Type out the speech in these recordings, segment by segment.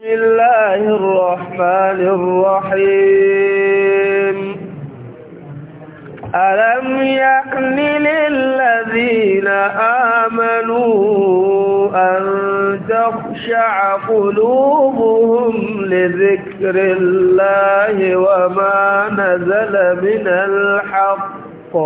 بسم الله الرحمن الرحيم ألم يأن للذين آمنوا أن تخشع قلوبهم لذكر الله وما نزل من الحق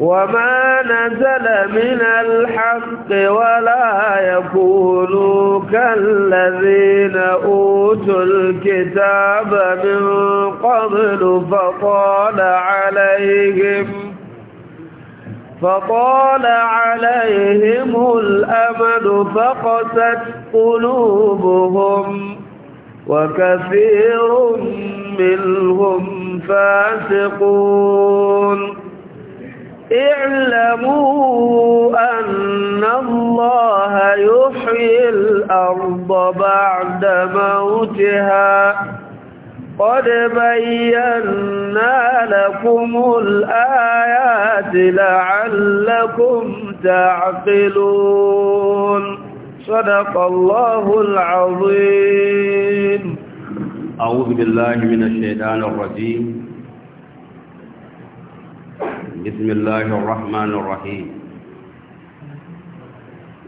وما نزل من الحق ولا يكونوا كالذين أوتوا الكتاب من قبل فطال عليهم فطال عليهم الأمد فقست قلوبهم وكثير منهم فاسقون اعلموا أن الله يحيي الأرض بعد موتها قد بينا لكم الآيات لعلكم تعقلون صدق الله العظيم أعوذ بالله من الشيطان الرجيم بسم الله الرحمن الرحيم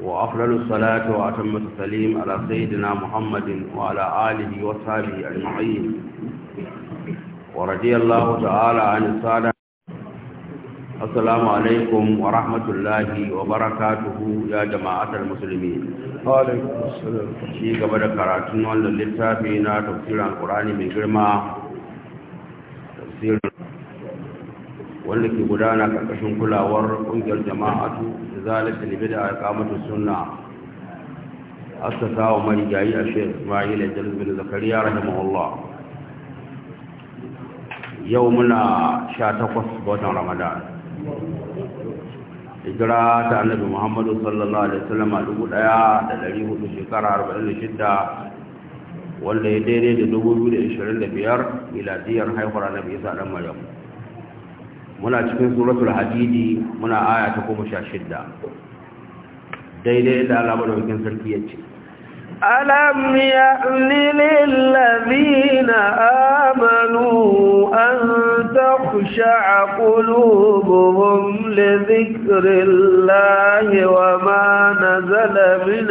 وأفضل الصلاة وأتم التسليم على سيدنا محمد وعلى آله وصحبه أجمعين ورضي الله تعالى عن السادة السلام عليكم ورحمة الله وبركاته يا جماعة المسلمين وعليكم السلام شيء قبل كراتون واللتابين تفسير القرآن من wanda ke gudana karkashin kulawar kungiyar jama'atu da zalata libe da akamatu sunna asasa wa marigayi a shekh ismail jalil bin zakariya rahimahullah yau muna sha takwas ga watan ramadan hijira ta annabi muhammadu sallallahu alaihi wasallam a dubu daya da dari hudu shekara arba'in da shidda wanda ya daidai da dubu biyu da ishirin da biyar miladiyar haihuwar annabi isa dan maryam muna cikin suratul hadidi muna aya ta goma sha shidda daidai da alamar wakin sarki ya ce alam ya lilin lazina amanu an ta kusha a kulubuhun lizikirin lahi wa ma na zalamin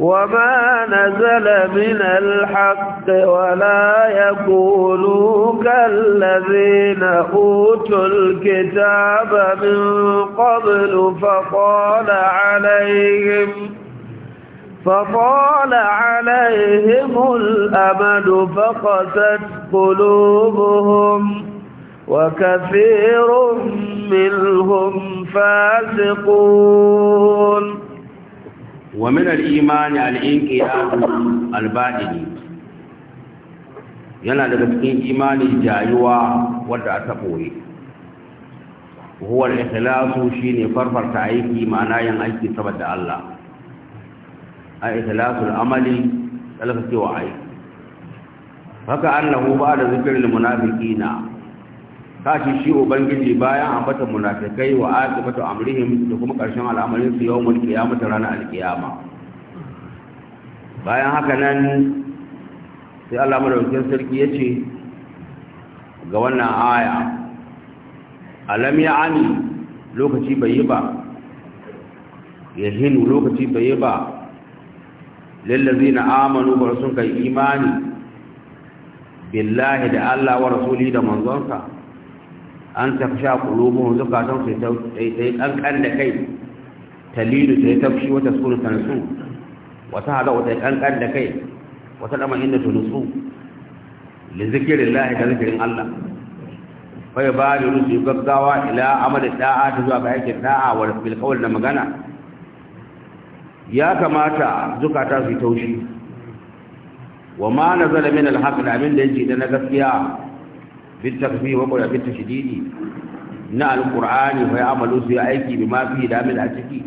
وما نزل من الحق ولا يقولوا كالذين أوتوا الكتاب من قبل فطال عليهم فطال عليهم الأمد فقست قلوبهم وكثير منهم فاسقون wa min al-imani al-inqiyadu al-badini yana daga cikin imani jayuwa wadda aka boye huwa al-ikhlasu shine farfarta aiki ma'ana yin aiki saboda Allah ai ikhlasu al-amali alaka aiki haka annahu ba da zikirin munafiqina sashi shi ubangiji bayan ambata munafikai wa mata amrihim da kuma karshen al'amarin su yawmul mata ranar alqiyama bayan haka nan sai Allah madaukakin sarki yace ga wannan aya alam ya'ani lokaci bai yi ba yahinu lokaci bai yi ba na amanu ba sun kai imani billahi da Allah wa rasuli da manzonsa an tafsha qulubuhum zukatan sai sai kankan da kai talilu sai tafshi wata sunu tansu wata hada wata kankan da kai wata dama inda tunusu li zikrillah da zikrin Allah fa yabadiru su gaggawa ila amal da'a ta zuwa ga yake da'a wa bil qawl da magana ya kamata zukata su taushi wa ma nazala min al-haqq da abin da yake da na gaskiya بالتخفيف وقل بالتشديد na Alƙur'ani fa ya amalu su yi aiki bi ma fi da a ciki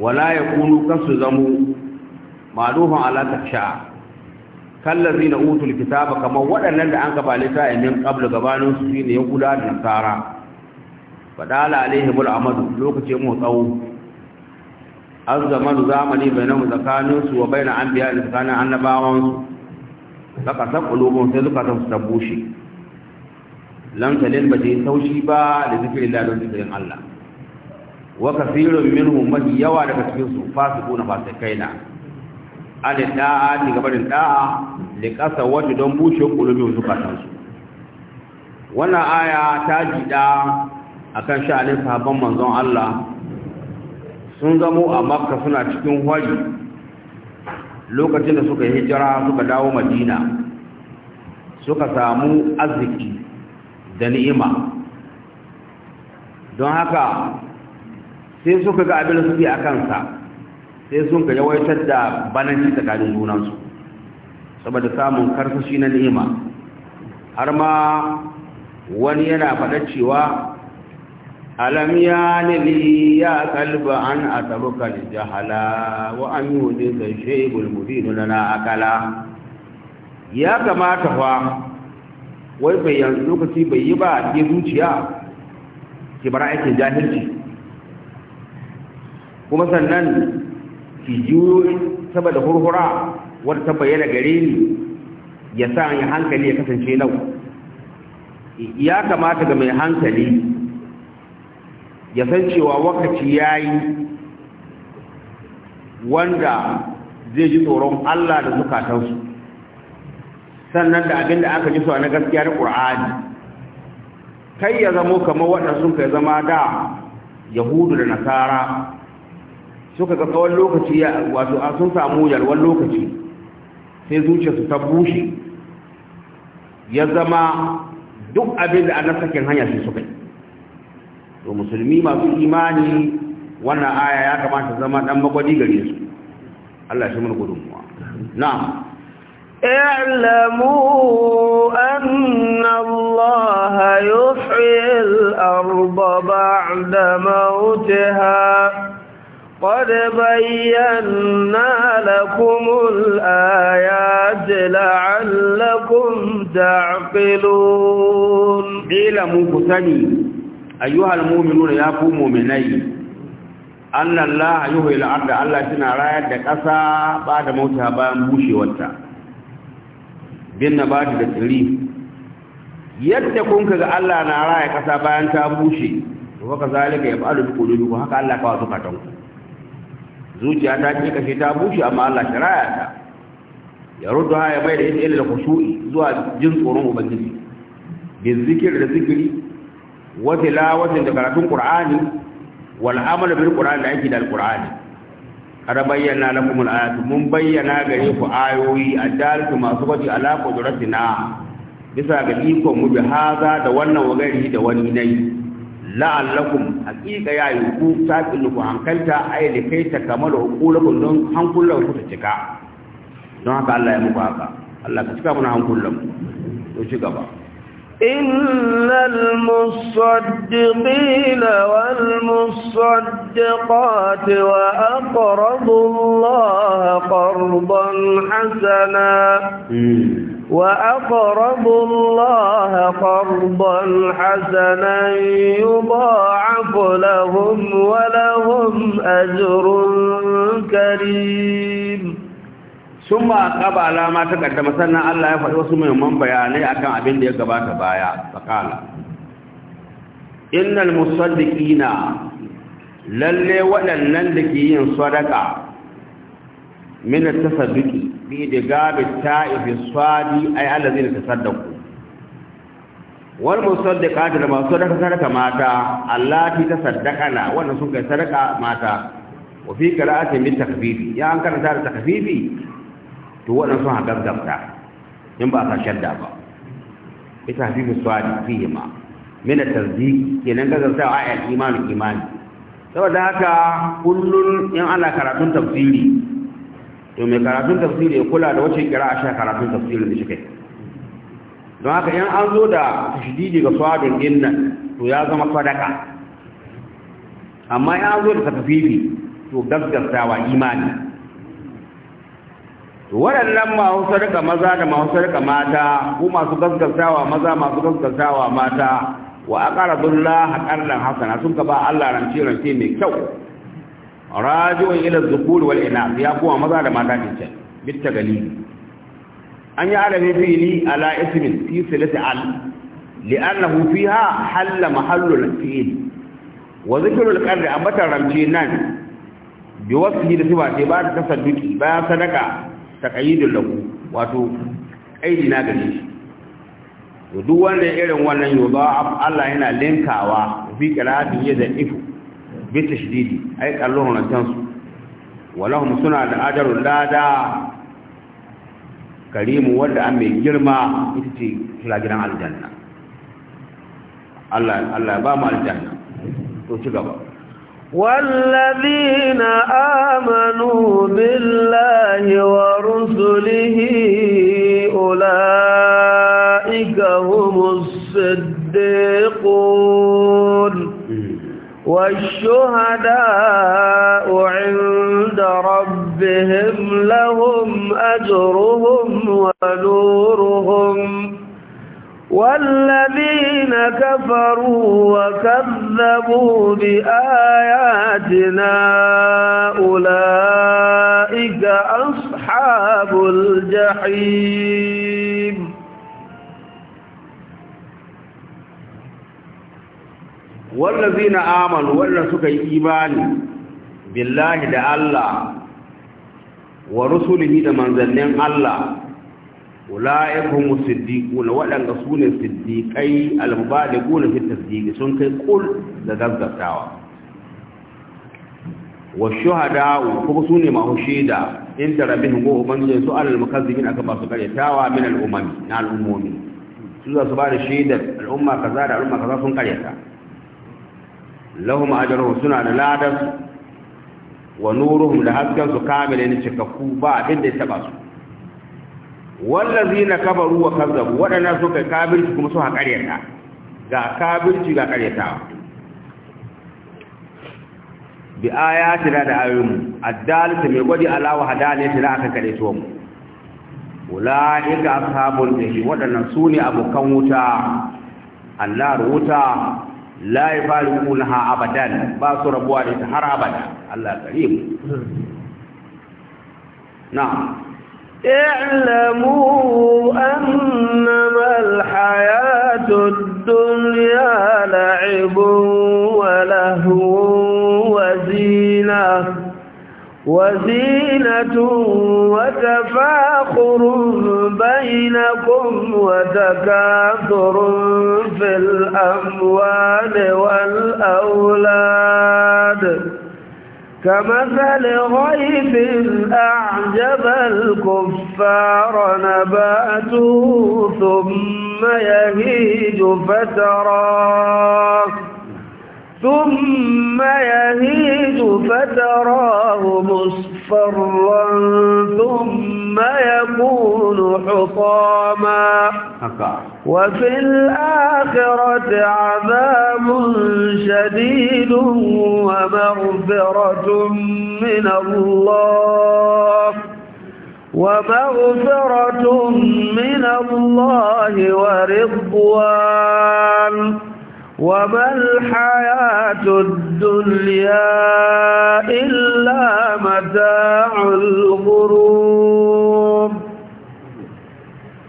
wala ya kunu kan su zamu malufan ala taksha kallazi na kitaba kamar waɗannan da an gaba lita a min qabla gabanin su ne ya kula da nasara fadala alaihi bul amadu lokacin mu tsawo an zamanu zamani bainahu tsakanin su wa baina anbiya tsakanin annabawan su saka sa kulubun sai suka tabbushe lam talil ba yi taushi ba da zikirin Allah don zikirin Allah wa kafirun minhum yawa daga cikin su fasiquna fasikaina alin da'a ni gabarin da'a li kasa wata don bushe kulubi zukatan su wannan aya ta jida akan sha'anin sahabban manzon Allah sun zamo a makka suna cikin hwari lokacin da suka yi hijira suka dawo madina suka samu arziki da ni'ima don haka sai suka ga abin suke a kansa sai sun ka yawaitar da bananci tsakanin junansu saboda samun karsashi na ni'ima har ma wani yana faɗa cewa alam ya nili ya kalba an a tabuka da jahala wa an yi hudu da shaibul mutu nuna na akala ya kamata fa wai bai yanzu lokaci bai yi ba ke zuciya ki bar aikin jahilci kuma sannan ki juyo saboda hurhura wadda ta bayyana gare ni ya sa ya hankali ya kasance nau ya kamata ga mai hankali ya san cewa wakaci ya yi wanda zai ji tsoron Allah da zukatansu sannan da abin da aka ji a na na ƙur'ani kai ya zamo kamar waɗanda sun kai zama da yahudu da nasara suka ga tsawon lokaci wato a sun samu lokaci sai zuciyarsu ta bushe ya zama duk abin da an sakin hanya sai suka yi to musulmi masu imani wannan aya ya kamata zama dan magwadi gare su Allah shi mun gudunmuwa na'am اعلموا أن الله يحيي الأرض بعد موتها قد بينا لكم الآيات لعلكم تعقلون اعلموا كثني أيها المؤمنون يا مؤمنين أن الله يحيي الأرض الله سنرى يدك أسا بعد موتها بان بوشي وتا bin bata da tsiri yadda kun ka ga Allah na raya kasa bayan ta bushe ya kazalika yaf'alu ko haka Allah ka wasu zuciya ta ce kashe ta bushe amma Allah ta raya ta ya rudu ha ya bai da ita da khushu'i zuwa jin tsoron ubangiji bin zikir da zikiri wa tilawatin da karatun qur'ani wal amal bil qur'ani da yake da al qur'ani har bayyana lakum Ayatu mun bayyana gare ku ayoyi addalatu masu baji ala qudratina bisa ga ikon mu haza da wannan wagari da wani nai la'allakum haqiqa ya yi ku sabil ku hankalta ay li kai ta da hukulakum don hankulan ku ta cika don haka Allah ya muku haka Allah ka cika muna hankulan ku, to ci gaba إن المصدقين والمصدقات وأقرضوا الله قرضا حسنا وأقرضوا الله قرضا حسنا يضاعف لهم ولهم أجر كريم sun ma kaba alama ta kaddama sannan Allah ya faɗi wasu muhimman bayanai akan abin da ya gabata baya fakala innal musaddiqina lalle waɗannan da ke yin sadaka min at-tasadduqi bi digabi ta'ifi sadi ay allazina tasaddaqu wal musaddiqati da masu sadaka sadaka mata allati tasaddaqana wannan sun kai sadaka mata wa fi qira'ati min takfifi ya an karanta da takfifi to waɗansu ha gaggabta in ba ka shadda ba ita hafifu suwadi fiye ma mina tarzi kenan gaggabta a ayar imanin imani saboda haka kullum in ana karatun tafsiri to mai karatun tafsiri ya kula da wace kira a sha karatun tafsirin da shi kai don haka in an zo da tashididi ga suwadin din nan to ya zama sadaka amma 'yan an zo da tafifi to gaggabtawa imani waɗannan masu sarka maza da masu sarka mata ko masu gaskatawa maza masu gaskatawa mata wa aqrabullah qardan hasana sun ka ba Allah rance rance mai kyau raji'un ila dhukur wal ina ya kuma maza da mata din can bitta gali an yi alafi fi'li ala ismin fi silati al li'annahu fiha halla mahallul fi'l wa dhikrul qardi amma taramji nan bi wasfi da sibati ba ta tasadduki ba sadaka taqayyidul lahu wato aidi na gare shi to duk wanda irin wannan yoba Allah yana linkawa fi qira'atin da ifu bi tashdidi ay qalluhu nan tansu walahum suna da ajarul lada karimu wanda an mai girma ita ce kira gidan aljanna Allah Allah ba mu aljanna to ci gaba والذين آمنوا بالله و والشهداء عند ربهم لهم أجرهم ونورهم والذين كفروا وكذبوا بآياتنا أولئك أصحاب الجحيم Wannan wallazina amanu wannan suka yi imani billahi da Allah wa rusulihi da manzannin Allah ula'ikum siddiquna wadanda sune siddiqai al-mubalighuna fi tasdiqi sun kai kul da gaggatawa wa shuhada kuma sune mahushida in rabbihim ko ubangiji su al-mukazzibin aka ba su karyatawa min al-umami na al-umumi su za su ba da shaidar al'umma kaza da al'umma kaza sun karyata lahum ajruhum suna da ladas wa nuruhum da hasken su kamile ne cikakku ba abin da ya taba su wallazina kabaru wa kazzabu wadana kai kabirci kuma su haƙaryata ga kabirci ga ƙaryatawa bi ayatina da ayoyinmu addalata mai gwadi alawa hadaniyata da aka kare tuwa mu ula'ika ashabul jahim wadannan sune abokan wuta annar wuta لا يفارقونها ابدا با سربوا دي ابدا الله كريم نعم اعلموا انما الحياه الدنيا لعب ولهو وزينه وزينه وتفاخر بينكم وتكاثر الأنعام والأولاد كمثل غيث أعجب الكفار نباته ثم يهيج فتراه ثم يهيج فتراه مصفرا ثم يكون حطاما وفي الآخرة عذاب شديد ومغفرة من الله ومغفرة من الله ورضوان وما الحياة الدنيا إلا متاع الغرور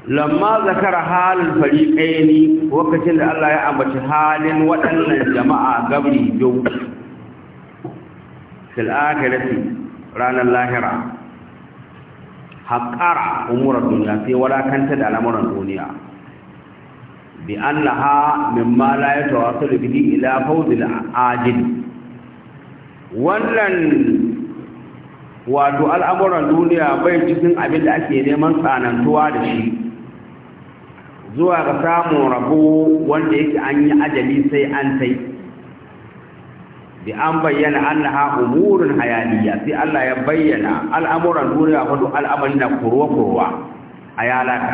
lamma zakara halin ne, lokacin da Allah ya ambaci halin waɗannan jama'a gabri biyu fil akhirati ranar lahira haƙara umurar duniya sai walakanta da al'amuran duniya bi annaha mimma la yatawassalu bihi ila da ajin. wannan wato al'amuran duniya bai cikin abin da ake neman tsanantuwa da shi zuwa ga samun rabo wanda yake an yi ajali sai an tai bi an bayyana annaha umurun hayaliya sai Allah ya bayyana al'amuran duniya wato al'amarin da kurwa kurwa a yalaka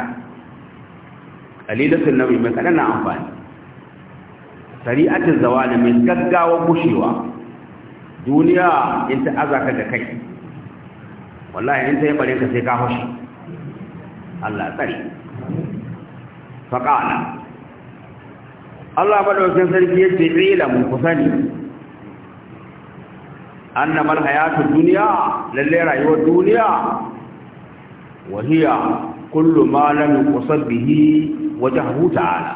qalilatun nabi mai kaɗan na amfani sari'atul zawali mai gaggawa kushewa duniya in ta azaka da kai wallahi in ta yi bare ka sai ka hoshi Allah tsare faƙala Allah madaukin sarki yace ilamu ku sani annamal hayatud duniya lalle rayuwar duniya wahiya kullum ma lam kusan bihi wajhu ala.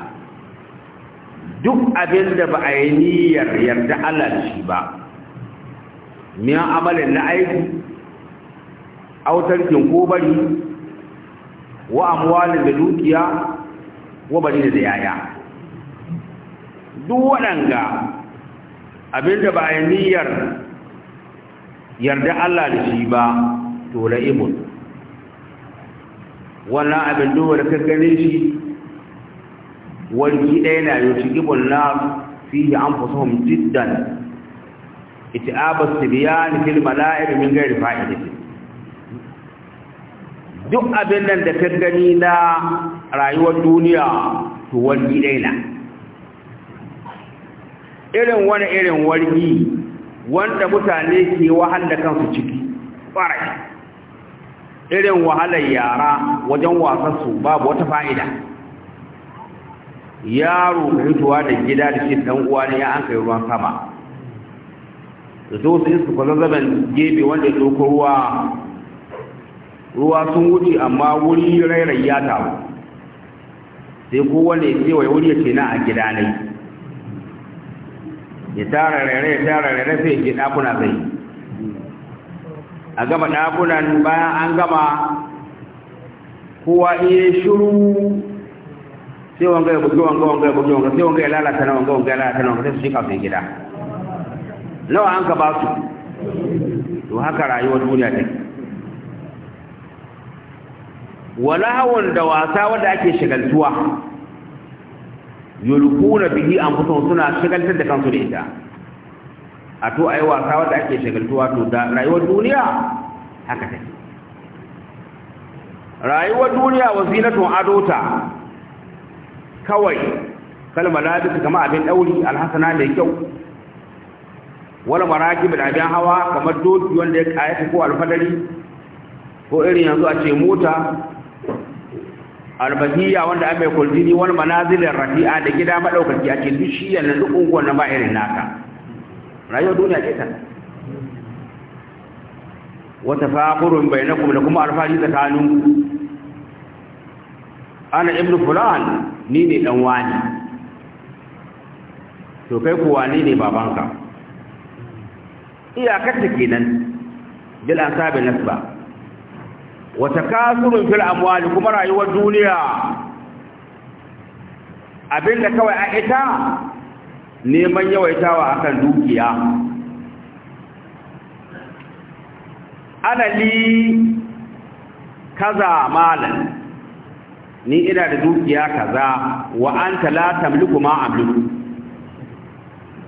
duk abin da ba a yi niyyar yarda Allah da shi ba min amalin na aiki autarkin ko bari wa amwalin da dukiya wa bari da yaya duk waɗanga abinda ba a niyyar yarda Allah da shi ba to la'imun wannan abin duwar ka gane shi warki ɗaya na yau ci gibin na fiye an fi sahun jiddan ita abas ni fil mala'ir min gairi fa'idati duk abin nan da ka gani na rayuwar duniya to dai na. irin wani irin wargi wanda mutane ke wahal kansu ciki ƙwarai irin wahalar yara wajen wasansu babu wata fa'ida yaro ka da gida da shi ɗan uwa ne ya an kai ruwan sama da zo su iska kwazazzaben gebe wanda ya doko ruwa ruwa sun wuce amma wuri rairayya ya taru sai wanda ya kewaye wuri ya ce na a gida ne ya tara rere ya tara rere sai ya ke dakuna zai a gama ɗakunan bayan an gama kowa iya shuru sai wanga ya buge wanga wanga ya buge wanga sai wanga ya lalata na wanga wanga ya lalata na wanga sai su shika su gida nawa an ka ba su to haka rayuwar duniya take wala hawan da wasa wanda ake shigaltuwa yulkuna bihi anfusuhum suna shagaltar da kansu da ita a to ai wasa wanda ake shagaltuwa to da rayuwar duniya haka take rayuwar duniya wa zinatun adota kawai kalmar take kama abin dauri alhasana mai kyau wala maraki bil abin hawa kamar doki wanda ya kayata ko alfadari ko irin yanzu a ce mota albahiyya wanda an mai kuljini wani manazilin rafi'a da gida maɗaukaki a cikin shi yana duk unguwan na ba irin naka rayuwar duniya ce ta wata faƙurin bai na kuma da kuma alfahari tsakanin ana ibn fulan ni ne ɗan wani to kai kuwa ni ne babanka iyakar ta kenan bil asabi nasba wata kasurin fil amwali kuma rayuwar duniya abinda kawai a ita neman yawaitawa akan dukiya anali kaza malan ni ina da dukiya kaza wa anta la tamliku ma amliku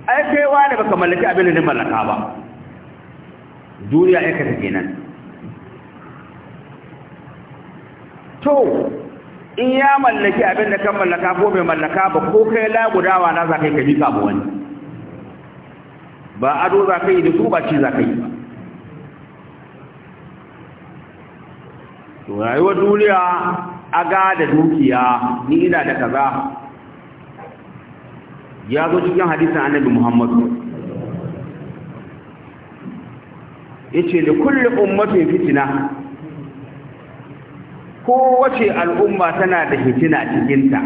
ai kai wani baka mallaki abin da ni mallaka ba duniya aikata kenan. to in ya mallaki abin da kan mallaka ko bai mallaka ba ko kai lagudawa na za ka yi ka mika ba wani ba ado za ka yi da su ba ci za ka yi ba rayuwar duniya aga da dukiya ni ina da kaza ya zo cikin hadisin annabi muhammadu ya ce da kulle ummatin fitina kowace al'umma tana da hitina cikinta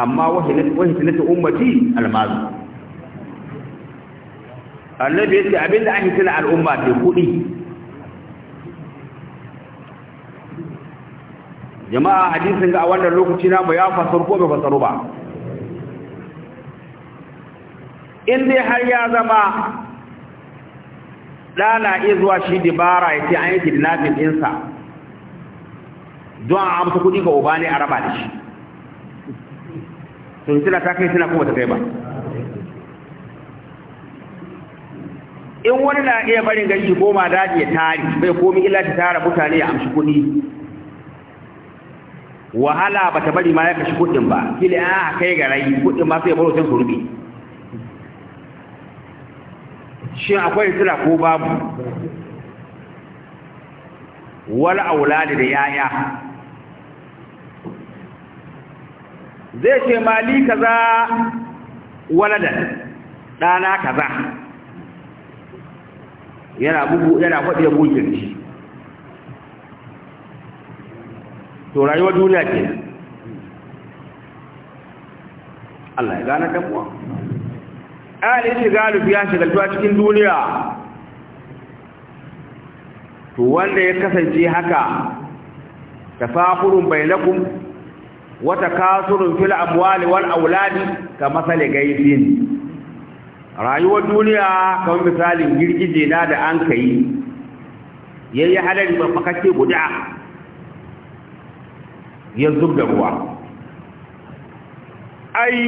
amma ta ummati almazu annabi ya ce abinda an hitina al'umma ce kuɗi jama'a hadisin ga a wannan lokaci ba ya fasar ko bai fasaru ba in dai har ya zama ɗana iya zuwa shi dibara ya ce an yi kidnapping ɗinsa don a amsa kuɗi ga uba ne a raba da shi sun tana ta kai tana kuma ta kai ba in wani na iya barin gari ma daji ya tari bai komi illa ta tara mutane ya amshi kuɗi wahala ba ta bari ma ya kashi kuɗin ba kila a kai ga rai kuɗin ma sai baro can su rubi shin akwai sila ko babu wala auladi da yaya zai ce mali kaza waladan ɗana kaza yana bugu yana kwaɗi da shi to rayuwar duniya ke Allah ya gane damuwa ayyana shi galibi ya shigaltuwa cikin duniya to wanda ya kasance haka tafakurun bainakum wata kasurun fil amwali wal auladi ka masale gaifin rayuwar duniya kamar misalin girgije na da an kai yayi ba mafakake guda ya zubda ruwa ai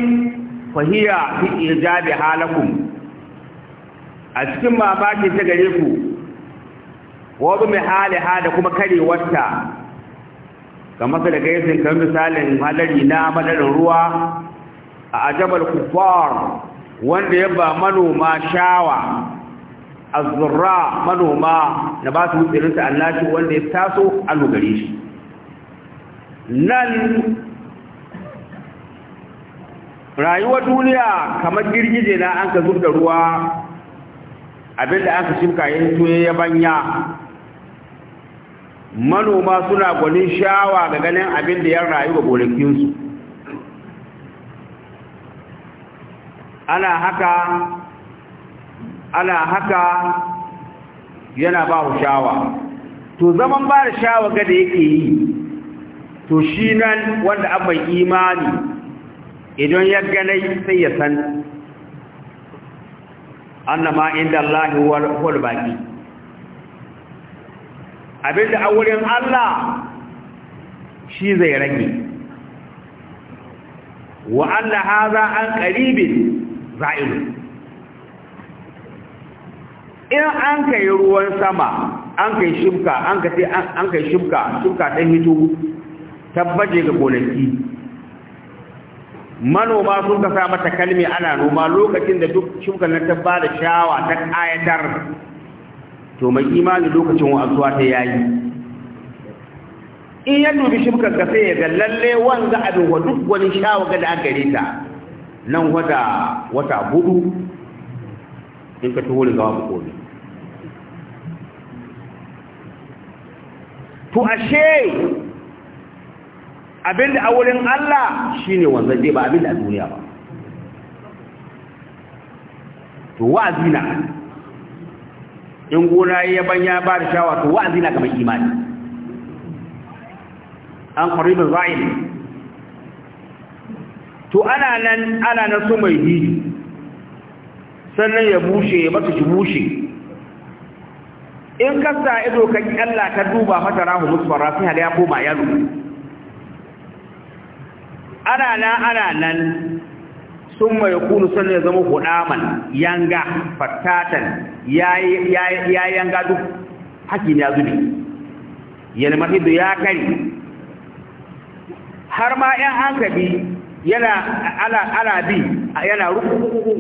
fahiya fi ijabi halakum a cikin mamakin ta gare ku wa bi hali hada kuma karewarta kamar da gaisin kan misalin hadari na madarin ruwa a ajabar kufar wanda ya ba manoma shawa azurra manoma na ba su ta annashi wanda ya taso a lugare shi nan rayuwar duniya kamar girgije na an ka zub ruwa abinda aka shimka ya hito yabanya manoma suna gwanin shawa ga ganin abin da ya rayu ga gonakinsu ana haka ana haka yana ba ku shawa to zaman ba da shawa ga da yake yi to shi nan wanda abin imani idan ya ganai sai ya san annama inda Allah huwa al-baqi abinda a wurin Allah shi zai rage wa Allah haza an qaribin za'ilu in an kai ruwan sama an kai shimka an kai an kai shimka shimka dan hito tabbaje ga gonaki manoma sun ka sa mata kalmi ana noma lokacin da duk shimkan nan ta bada shawa ta ƙayatar. to mai imani lokacin wa'azuwa ta yayi in ya dubi shibkar ka sai ya ga lalle wanga abin wa duk wani shawaga da aka gare ta nan wata wata hudu in ka tuhuri ga ku komai to ashe abin da a wurin Allah shine wanzan dai ba abin da a duniya ba to wa'azi na in gona ya ban ya ba da shawa to wa'azi na kamar imani an qaribul ra'il to ana nan ana nan su mai hiji sannan ya bushe ya mata shi bushe in kasta ido ka ƙi Allah ka duba mata rahu musfara sai ya koma yalo ana nan ana nan sun mai kunu sannan ya zama hudaman yanga fatatan ya yanga duk haƙi ne ya zubi yalmar hidu ya kari har ma ‘yan hankali yana alabi yana rukuku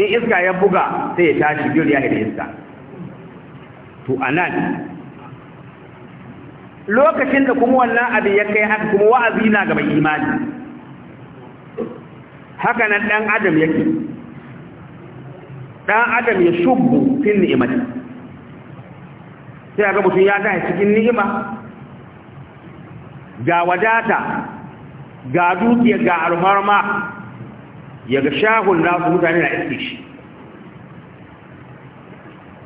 in iska ya buga sai ya tashi biyar ya da iska to anan lokacin da kuma wannan abin ya kai haka kuma wa'azi na gaba imani haka nan ɗan adam yake ɗan adam ya shubbu fin ni'imati sai ga mutum ya tashi cikin ni'ima ga wadata ga dukiya ga almarma ya ga shahun nasu mutane na iske shi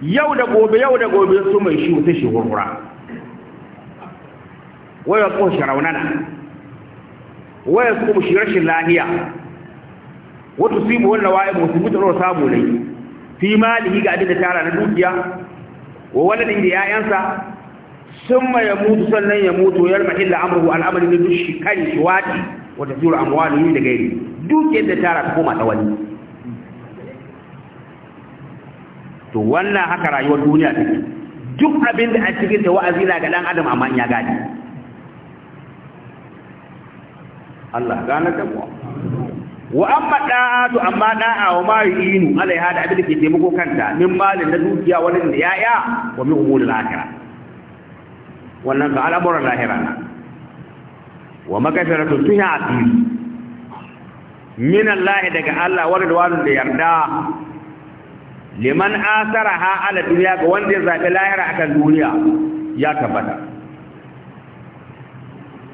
yau da gobe yau da gobe su mai shi wuta shi hurhura waya ko sharaunana? waya kuma shi rashin lahiya wata su yi wannan waye musulmi tsaro samu ne fi malihi ga abin da tara na dukiya wa waladin da ya'yansa sun ma ya mutu sannan ya mutu yar ma illa amruhu al'amari ne duk shi kan shi wati wa tasiru amwalihi da gairi dukiyar da tara ta koma ta wani to wannan haka rayuwar duniya take duk abin da a cikin ta wa'azi na ga dan adam amma in ya gadi Allah gane da mu wa amma da'atu amma da'a wa ma yu'inu alaiha da abin da ke taimako kanta min malin na dukiya wani da yaya wa min umuril lahira. wannan ga al'amuran lahira na wa makasaratu fiha atir min Allah daga Allah da wani da yarda liman asaraha ala dunya ga wanda ya zabi lahira akan duniya ya tabbata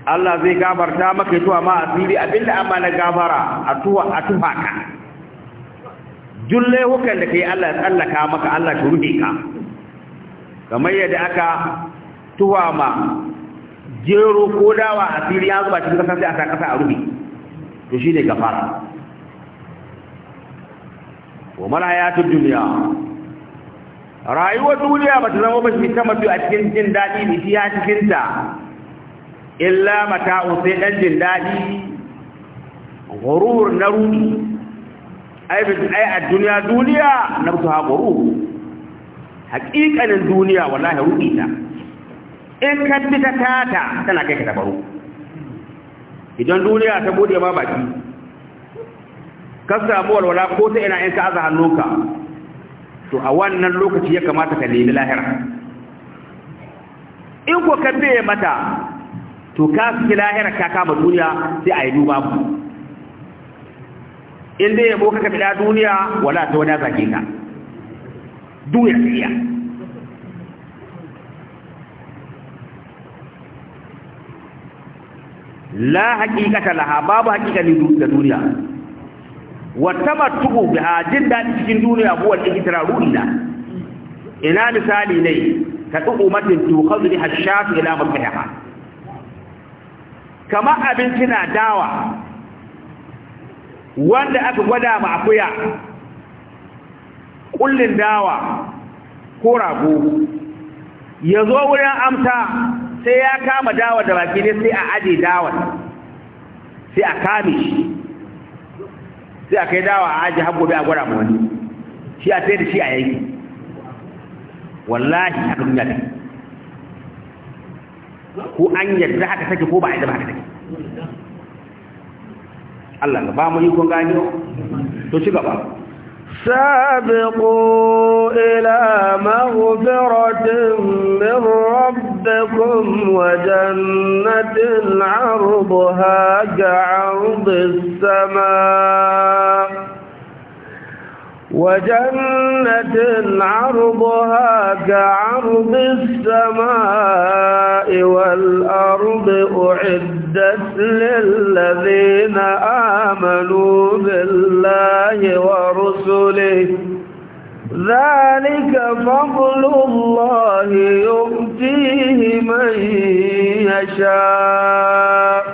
Allah zai gabarta maka tuwa ma asiri abinda amma na gabara a tuwa a tuwa ka julle hukan da kai Allah ya tsallaka maka Allah ya rufe ka kamar yadda aka tuwa ma jero ko dawa asiri ya zuba cikin kasar sai aka kasa a rufe to shine gafara wa mala hayatud dunya rayuwar duniya ba ta zama ba shi ta mafi a cikin jin daɗi ne shi ya cikin ta illa mata'un sai dan jin dadi gurur na rudi ai bin ai a duniya duniya na mutu ha gurur haƙiƙanin duniya wallahi rudi ta in ka bi ta tata tana kai ka tabaru idan duniya ta bude ma baki ka samu walwala ko ta ina in ka aza hannunka to a wannan lokaci ya kamata ka nemi lahira in ko ka biye mata to ka fi lahira ka kama duniya sai a yi duba mu in dai yabo ka fida duniya wala ta wani zage ka duniya siya. la haqiqata laha babu haqiqani da duniya wa tamattu biha jin daɗi cikin duniya ko wani ikitara ru'ina ina misali ne ka duku matin tu khadri hashafi ila mabtaha Kama abinci na dawa wanda aka gwada ma akuya kullin dawa ko rago ya zo wurin amsa sai ya kama dawa da baki ne sai a aje dawa sai a kame shi sai a kai dawa a aje har a gwada ma wani shi a sai da shi a yanki wallahi a duniya ne ko an yadda haka take ko ba a yadda haka take Allah ba mu yi kun gani to ci gaba سابقوا إلى مغفرة من ربكم وجنة عرضها كعرض السماء وجنة عرضها كعرض السماء والأرض أعدت للذين آمنوا بالله ورسله ذلك فضل الله يؤتيه من يشاء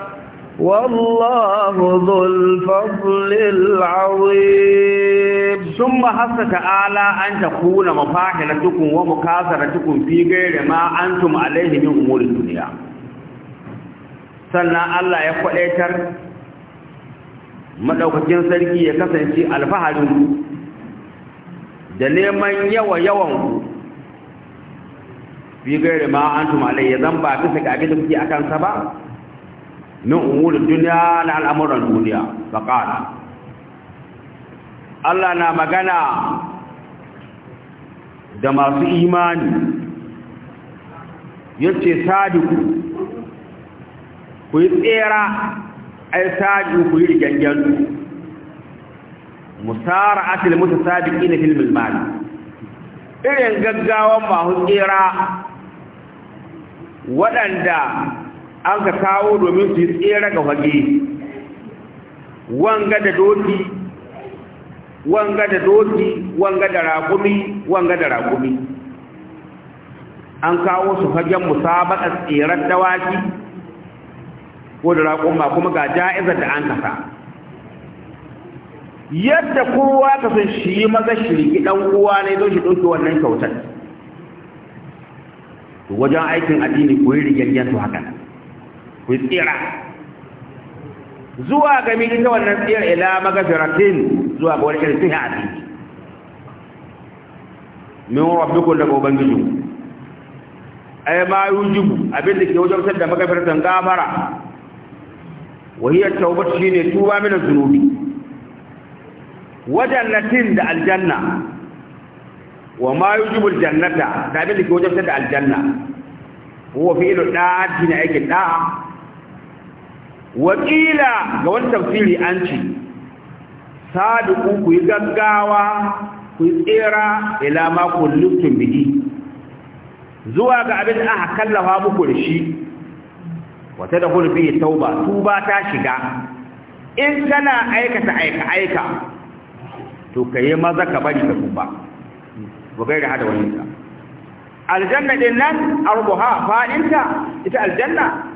والله ذو الفضل العظيم ثم حس تعالى أن تكون مفاحلتكم ومكاثرتكم في غير ما أنتم عليه من أمور الدنيا sannan Allah ya kwadaitar madaukakin sarki ya kasance alfaharin da neman yawan ku fi gairi ma antum alayya zan ba bisa ga abin da kuke ba من أمور الدنيا لعن أمر الدنيا فقال الله نا مغانا da masu imani yace sadiku ku yi tsera ai sadiku ku yi rigangen musara'atul mutasabiqina fil milmal irin gaggawan mahu tsera waɗanda an ka kawo domin su yi tsere ga hage wanga da doki wanga da doki wanga da raƙumi wanga da raƙumi an kawo su fagen musabaka tseren dawaki ko da rakuma kuma ga ja'izar da an kasa yadda kowa ka san shi yi maza shirki ɗan uwa ne don shi ɗauki wannan kyautar wajen aikin addini ko yi rigyaggyen su haka ku tsira zuwa ga mi ita wannan tsira ila magaziratin zuwa ga wani irin sihi a ciki min rabbikum daga ubangiji ay ma yujibu abin da ke wajen wajabtar da magafiratan gafara wa hiya tawbatu shine tuba min az-zunubi wajannatin da aljanna wa ma yujibu aljannata da abin da ke wajabtar da aljanna huwa fi'lu da'ati na aikin da'a wakila ga wani tafsiri an ce sadiku ku yi gaggawa ku tsera, ila ma kullutum bihi zuwa ga abin da aka kallafa muku da shi wata da hulbi tauba tuba ta shiga in kana aikata aika aika to yi maza ka bari ka tuba bugaira hada wannan aljanna din nan arbuha fa'inta ita aljanna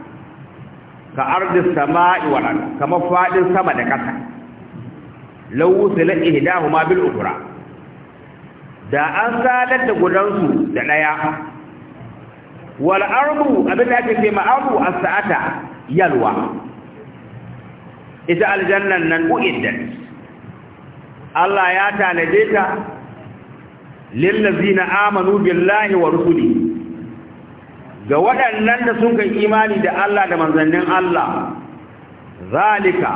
ka ardi sama'i wal kamar fadin sama da ƙasa law wusila ihdahuma bil ukhra da an zalar da gudansu da daya wal ardu abin da ake ce ma ardu as yalwa ita aljannan nan uiddat Allah ya tanaje ta lil ladzina amanu billahi wa rusulihi ga waɗannan da sun kai imani da Allah da manzannin Allah zalika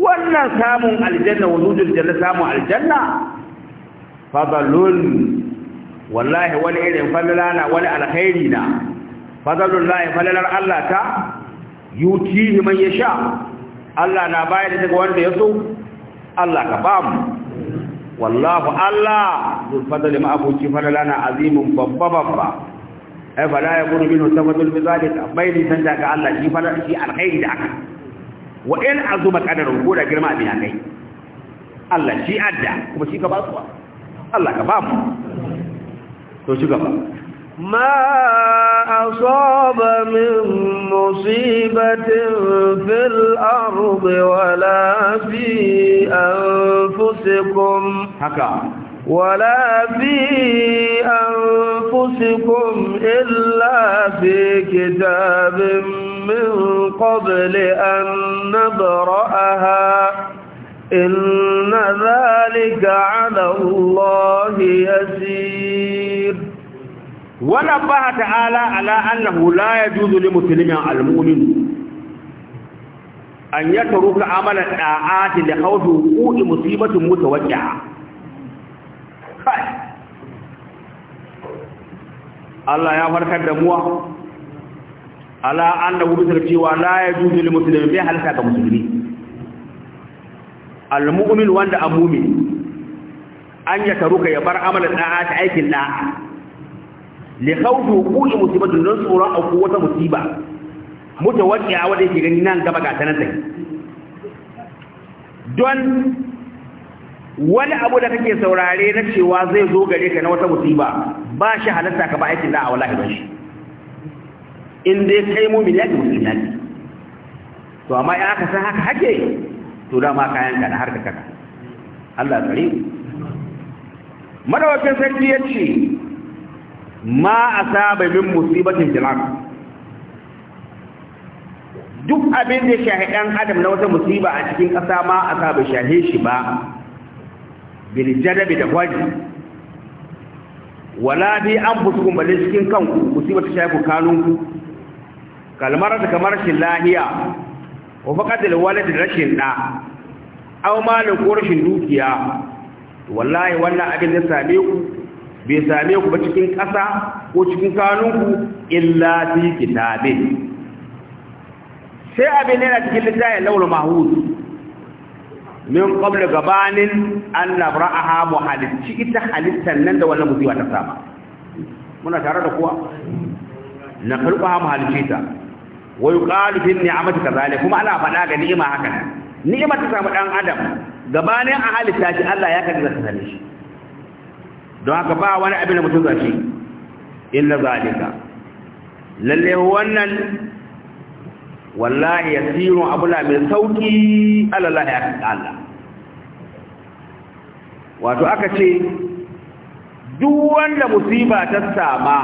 wannan samun aljanna wujudul janna samun aljanna fadalun wallahi wani irin na wani alkhairi na fadalun lahi fadlar Allah ta yutihi man yasha Allah na bayar daga wanda ya so Allah ka bamu wallahu Allah zul fadli ma abuki na azimun babba babba ai fala ya kunu minhu sabadul bizalika bayni sanda ga Allah shi fala shi alkhairi da aka wa in azuma qadaru ko da girma abin akai Allah shi adda kuma shi ka ba su Allah ka ba mu to shi gaba ما أصاب min مصيبة في الأرض ولا في أنفسكم Haka. ولا في أنفسكم إلا في كتاب من قبل أن نبرأها إن ذلك على الله يسير ونبه تعالى على أنه لا يجوز لمسلم المؤمن أن يترك عمل الطاعات لخوف وقوع مصيبة متوجعة kai Allah ya farkar da muwa ala annahu bisar cewa la yajuzu lil muslimi bi halaka ga musulmi al mu'min wanda amumi an ya taruka ya bar amalan da'a ta aikin da'a li khawfu qul musibatu lan aw quwwata musiba mutawaqqi'a wanda yake gani nan gaba ga tanan sai don wani abu da kake saurare na cewa zai zo gare ka na wata musiba ba shi halatta ka ba aikin da a wallahi ba shi in dai kai mumin ya musulmi ne to amma ya aka san haka hake to da ma kayan ka da harka kaka Allah tsare mu madawakin sarki ya ce ma asaba min musibatin jilan duk abin da shahidan adam na wata musiba a cikin kasa ma asaba shahe shi ba biljadabi da gwaji wala bi an fusukun balle cikin kanku musibar ta shafi kanunku kalmar da kamar shi lahiya wa al walad rashin da aw malin ko rashin dukiya wallahi wannan abin da same ku bai same ku ba cikin ƙasa ko cikin kanunku illa fi kitabin sai abin na cikin littafin laul mahudu. min qabla gabanin an nabra'aha mu ita halittan nan da wannan musiba ta saba. muna tare da kuwa na kalbaha mu halitti ta wa yuqalu fi ni'amati kadhalika kuma ana fada ga ni'ima haka ni'ima ta samu dan adam gabanin a halitta shi Allah ya kaddara ta sane shi don haka ba wani abin da mutum zai illa zalika lalle wannan wallahi yasirun abula mai sauki alallahi akan Allah wato aka ce duk wanda musiba ta sama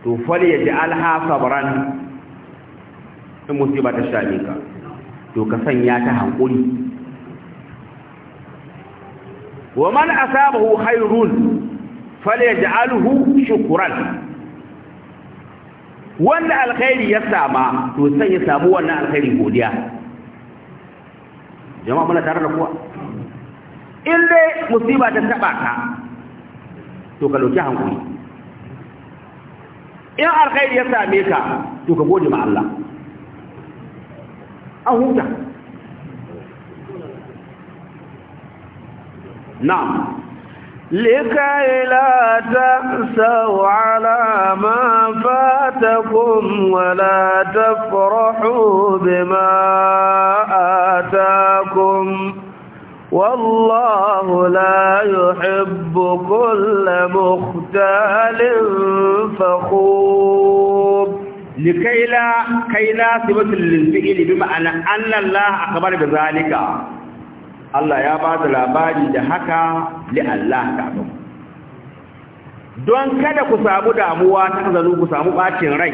to fal yaji alha sabran in musiba ta shame ka to ka sanya ta hankuri wa man asabahu khairun falyaj'alhu shukran wanda alkhairi ya sama to sai ya samu wannan alkhairi godiya jama'a muna tare da kuwa in dai musiba ta taba ka to ka dauki hankali in alkhairi ya same ka to ka gode ma Allah an huta na'am لكي لا تأسوا على ما فاتكم ولا تفرحوا بما آتاكم والله لا يحب كل مختال فخور لكي لا كي لا سبة للفئل بمعنى أن الله أخبر بذلك Allah ya ba da labari da haka li Allah kafin don kada ku samu damuwa ta zalu ku samu bacin rai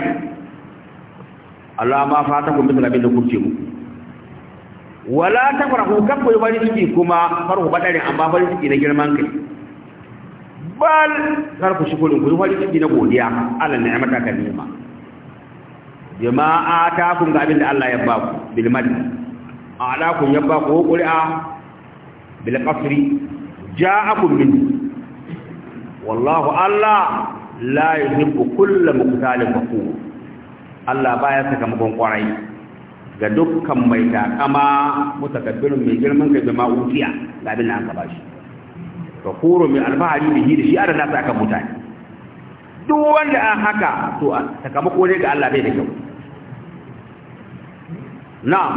Allah ma fata ku mutala bin da kuke mu wala tafrahu kan ku bari ciki kuma farhu badarin amma bari ciki na girman kai bal kar ku shukurin ku bari ciki na godiya Allah ne ya mata ka nima jama'a ta kun ga abin da Allah ya ba ku bil mali ala kun ya ba ku qur'a bil qasri ja'akum min wallahu allah la yuhibbu kull muqtalin fakhur allah baya saka makon kwarai ga dukkan mai takama mutakabbirin mai girman kai da ma'ufiya ga abin da aka bashi fakhuru mai alfahari da shi da shi adana sa akan mutane duk wanda an haka to sakamako ne ga allah bai da kyau na'am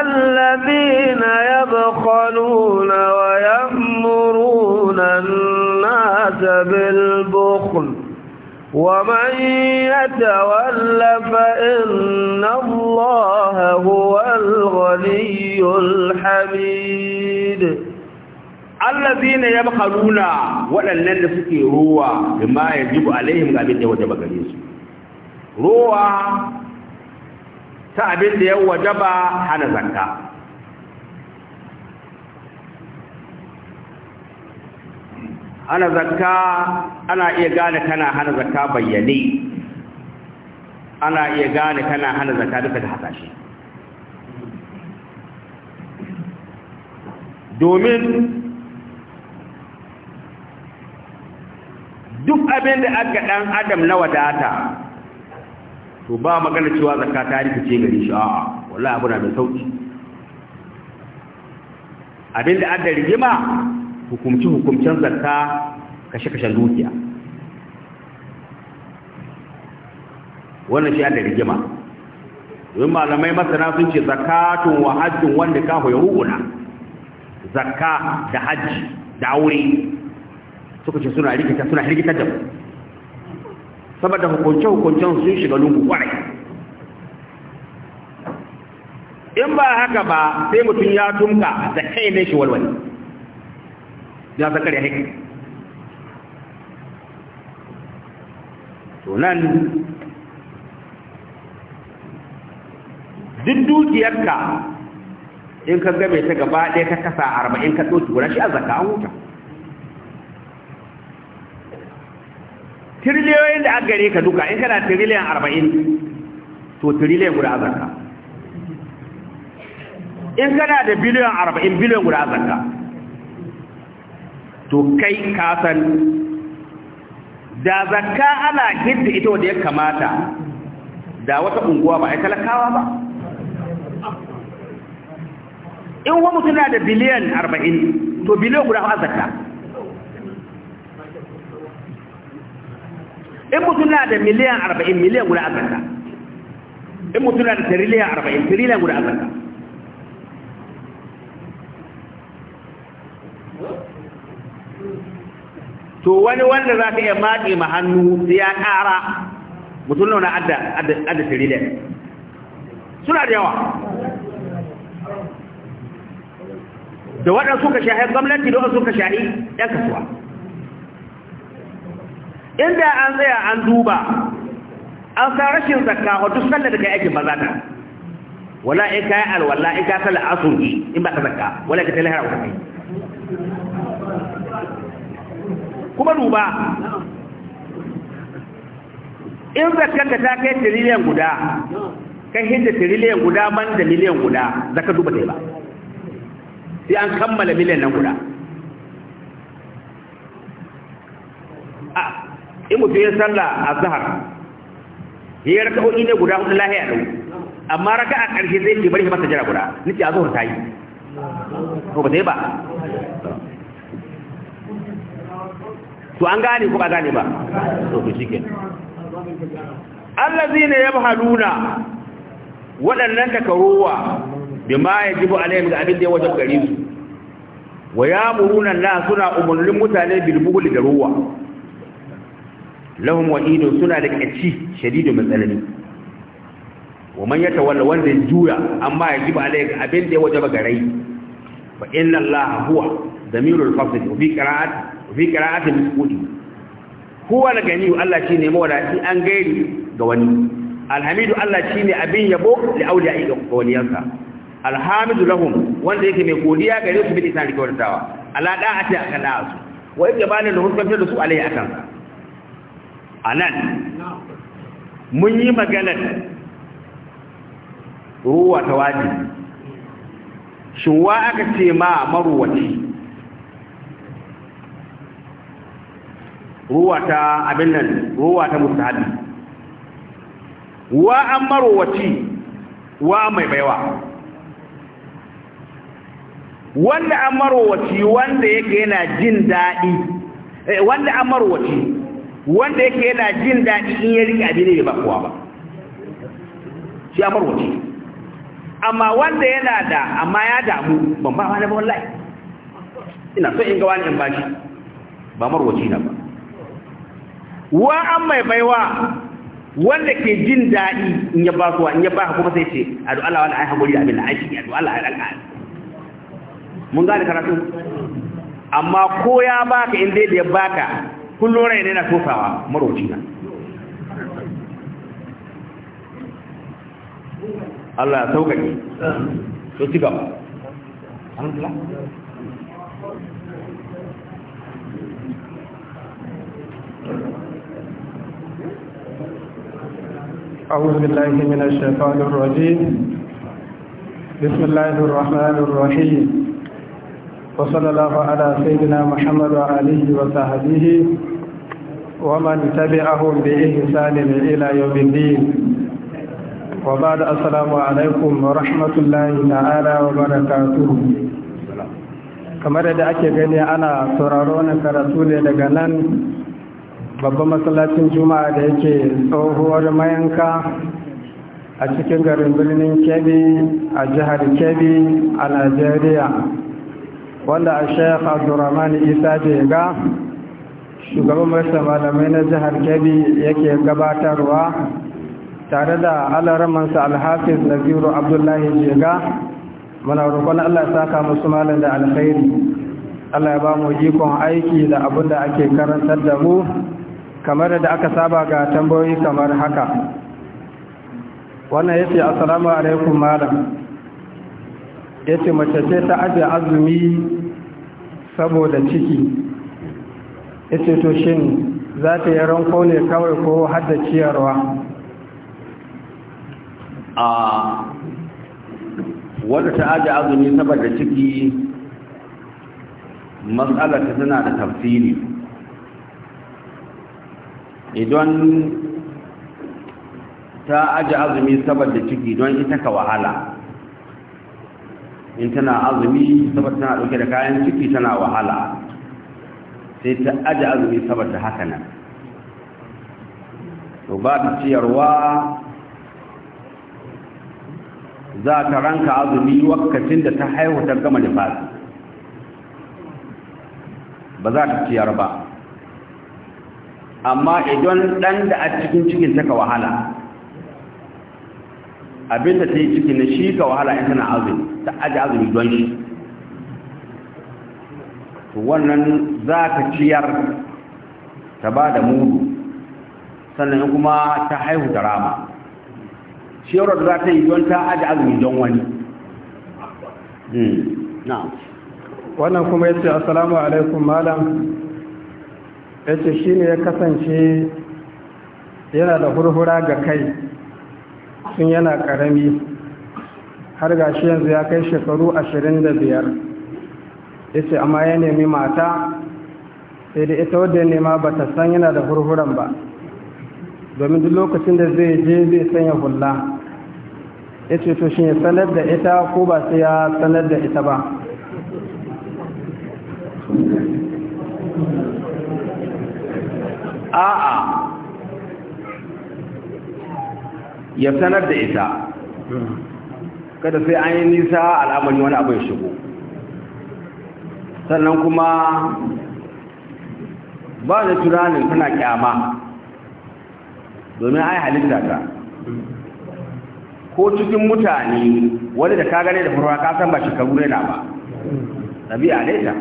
الذين يبخلون ويأمرون الناس بالبخل ومن يتول فإن الله هو الغني الحميد الذين يبخلون ولا da روى بما يجب عليهم alaihim وجب abin روى ta abin da ya wajaba hana zakka Hana zakka ana iya gane kana hana zakka bayyane ana iya gane kana hana zakka duka da hasashe domin duk abin da aka dan adam na wadata to ba magana cewa zakka ta rikice gari shi a'a wallahi abu na sauki abinda adda rigima hukumci hukumcen zakka kashe kashen dukiya wannan shi adda rigima domin malamai masana sun ce zakatun wa hajjin wanda ka hoya ruguna zakka da hajji da aure suka ce suna rikita suna rikitar da mu saboda hukunce-hukuncen sun shiga lungu kwarai in ba haka ba sai mutum ya tunka da kai ne shi walwali ya zakar ya haiki tunan duk dukiyarka in ka gabe ta gaba ɗaya ka kasa arba'in ka ɗauki guda shi a zaka an huta tiriliyoyin da aka gare ka duka in kana tiriliyan arba'in to tiriliyan guda zarka in kana da biliyan arba'in biliyan guda zarka to kai kasan da zarka ana hidda ita wadda ya kamata da wata unguwa ba a talakawa ba in wa mutum na da biliyan arba'in to biliyan guda zarka in mutum na da miliyan arba'in miliyan guda azanta in mutum na da tiriliyan arba'in tiriliyan guda azanta to wani wanda za ka iya maƙi ma hannu sai ya ƙara mutum na adda tiriliyan suna da yawa da waɗansu ka shahi gwamnati da waɗansu ka shahi 'yan kasuwa inda an tsaya an duba an sa rashin zakka wa duk sallar da kai aikin maza ta wala in kai alwala in ka sallar asuri in ba ka zakka wala ka talahar wa kai kuma duba in zakar ka ta kai tiriliyan guda kai hinda tiriliyan guda man da miliyan guda zaka duba dai ba sai an kammala miliyan nan guda mutum ya sallah azhar ya raka'o'i ne guda hudu lahiya lau amma raka a ƙarshe zai ke bari shi masa jira guda a azhar ta yi ko ba zai ba to an gane ko ba gane ba to to shike allazina yabhaluna wadannan takaruwa bima yajibu alaihim ga abin da ya wajaba gare su wa yamuruna la suna umarnin mutane bil bughli da ruwa lahum wa'idun suna da kaci shadidu matsalani wa man yatawalla wanda juya amma ya jiba alai abin da ya waje ba garai fa inna Allah huwa damirul fasl fi qira'ati fi qira'ati misqudi huwa al-gani Allah shine mawadati an gairi ga wani alhamidu Allah shine abin yabo li awliya ga waliyansa alhamidu lahum wanda yake mai godiya gare su bi isa tawa. ala da'ati akan da'asu wa ibn balil hukmatu da su alai akan a nan mun yi maganar ruwa ta wajibi shin wa aka ce ma maruwaci ruwa ta abin nan ruwa ta mustahabi wa an maruwaci wa mai baiwa wanda an maruwaci wanda yake yana jin daɗi eh, wanda an maruwaci wanda yake yana jin daɗi in ya riƙe abin ne ba kowa ba shi a marwaci amma wanda yana da amma ya damu ban ba wani ba wallahi ina so in ga wani in bashi ba marwaci na ba wa an mai baiwa wanda ke jin daɗi in ya ba kowa in ya ba kuma sai ce a du'ala wani ai hakuri abin da ai shi ne a du'ala ai al'ala mun gane karatu amma ko ya baka inda da ya baka kullum rai ne na tosawa marauci na Allah ya sauƙaƙe so ci gaba أعوذ بالله من الشيطان الرجيم بسم الله الرحمن الرحيم وصلى الله على سيدنا محمد وعليه وصحبه ومن تبعهم بإحسان إلى يوم الدين وبعد السلام عليكم ورحمة الله تعالى وبركاته kamar da ake gani ana sauraro na ne daga nan babban masallacin juma'a da yake tsohuwar mayanka a cikin garin birnin kebbi a jihar kebbi a najeriya wanda a sheikh abdurrahman isa jega shugaban marasa malamai na jihar kebbi yake gabatarwa tare da alaramansa alhafiz biro abdullahi jega mana rukun allah saka musu malam da alkhairi allah ya ba mu ikon aiki da abin da ake karantar da mu kamar da aka saba ga tambayoyi kamar haka wannan ya ce assalamu alaikum malam ya ce mace ce ta ajiye azumi saboda ciki ita to shin za ta yi ranko ne kawai ko hada ciyarwa a wadda ta aji azumi saboda ciki matsalar ta tana da tafsiri idan ta aji azumi saboda ciki don ita ka wahala in tana azumi saboda tana dauke da kayan ciki tana wahala sai ta aji azumi saboda haka nan to ba ta ciyarwa za ta ranka azumi wakacin da ta haihu ta gama nifasi ba za ta ciyar ba amma idan ɗan da a cikin cikin ta ka wahala abinda ta yi cikin na shi ka wahala in tana azumi ta aji azumi don shi to wannan za ta ciyar ta ba da mudu sannan kuma ta haihu da rama ciyarwar za ta yi don ta aji azumi don wani hmm, wannan kuma ya ce assalamu alaikum malam ya ce shi ne ya kasance yana da hurhura ga kai sun yana karami har ga shi yanzu ya kai shekaru ashirin da biyar yace amma ya nemi mata sai da ita wadda ya nema ba ta san yana da hurhuran ba domin duk lokacin da zai je zai sanya hula ya ce to shi ya sanar da ita ko ba sai ya sanar da ita ba a'a ya sanar da ita hmm. kada sai an yi nisa al'amari wani abu ya shigo sannan kuma ba da tunanin tana kyama domin ai halitta ta ko cikin mutane wani da ka gane da farwa ka san ba shekaru ne na ba ɗabi'a alaita